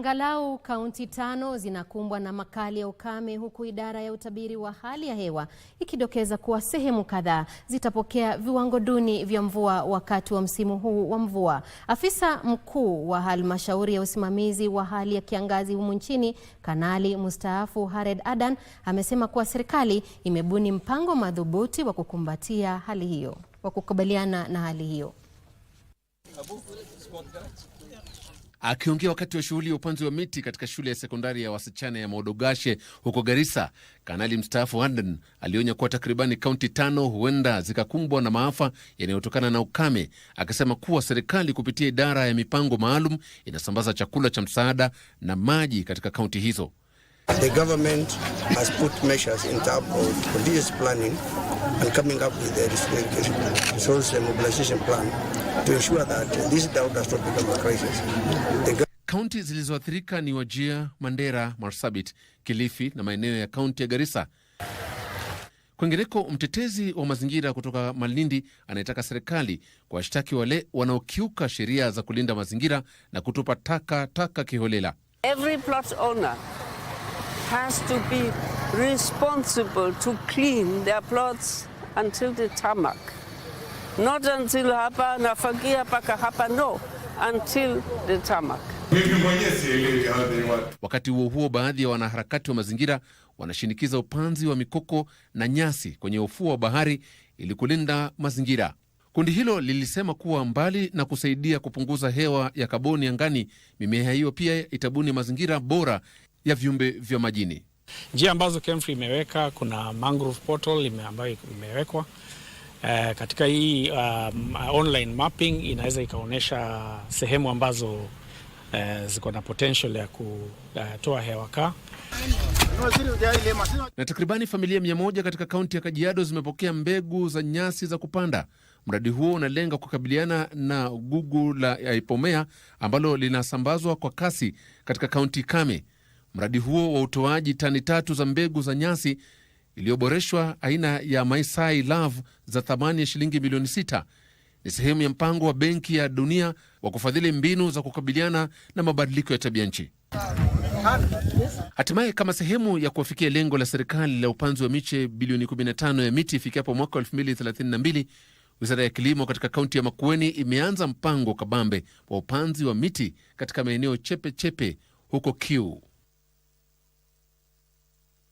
Angalau kaunti tano zinakumbwa na makali ya ukame huku idara ya utabiri wa hali ya hewa ikidokeza kuwa sehemu kadhaa zitapokea viwango duni vya mvua wakati wa msimu huu wa mvua. Afisa mkuu wa halmashauri ya usimamizi wa hali ya kiangazi humu nchini, Kanali mstaafu Hared Adan, amesema kuwa serikali imebuni mpango madhubuti wa kukumbatia hali hiyo, wa kukubaliana na hali hiyo. Akiongea wakati wa shughuli ya upanzi wa miti katika shule ya sekondari ya wasichana ya Modogashe huko Garissa, kanali mstaafu Warden alionya kuwa takribani kaunti tano huenda zikakumbwa na maafa yanayotokana na ukame, akisema kuwa serikali kupitia idara ya mipango maalum inasambaza chakula cha msaada na maji katika kaunti hizo. The government has put measures in terms of this planning and coming up with a resource mobilization plan to ensure that this doubt does not become a crisis. The kaunti zilizoathirika ni Wajia, Mandera, Marsabit, Kilifi na maeneo ya kaunti ya Garissa. Kwengereko, mtetezi wa mazingira kutoka Malindi anayetaka serikali kuwashtaki wale wanaokiuka sheria za kulinda mazingira na kutupa taka taka kiholela. Every plot owner has to be responsible to clean their plots until the tarmac. Not until hapa nafagia paka hapa, no, until the tarmac. Wakati huo huo, baadhi ya wanaharakati wa mazingira wanashinikiza upanzi wa mikoko na nyasi kwenye ufuo wa bahari ili kulinda mazingira. Kundi hilo lilisema kuwa mbali na kusaidia kupunguza hewa ya kaboni angani, mimea hiyo pia itabuni mazingira bora ya viumbe vya majini. Njia ambazo KEMFRI imeweka kuna mangrove portal ime ambayo imewekwa Uh, katika hii um, online mapping inaweza ikaonyesha sehemu ambazo uh, ziko na potential ya kutoa eh, uh, hewa kaa. Na takribani familia mia moja katika kaunti ya Kajiado zimepokea mbegu za nyasi za kupanda. Mradi huo unalenga kukabiliana na gugu la ipomea ambalo linasambazwa kwa kasi katika kaunti kame. Mradi huo wa utoaji tani tatu za mbegu za nyasi iliyoboreshwa aina ya Maisai Love za thamani ya shilingi milioni sita ni sehemu ya mpango wa Benki ya Dunia wa kufadhili mbinu za kukabiliana na mabadiliko ya tabia nchi. Hatimaye, kama sehemu ya kuwafikia lengo la serikali la upanzi wa miche bilioni 15 ya miti ifikapo mwaka 2032, wizara ya kilimo katika kaunti ya Makueni imeanza mpango kabambe wa upanzi wa miti katika maeneo chepe chepe huko Kiu.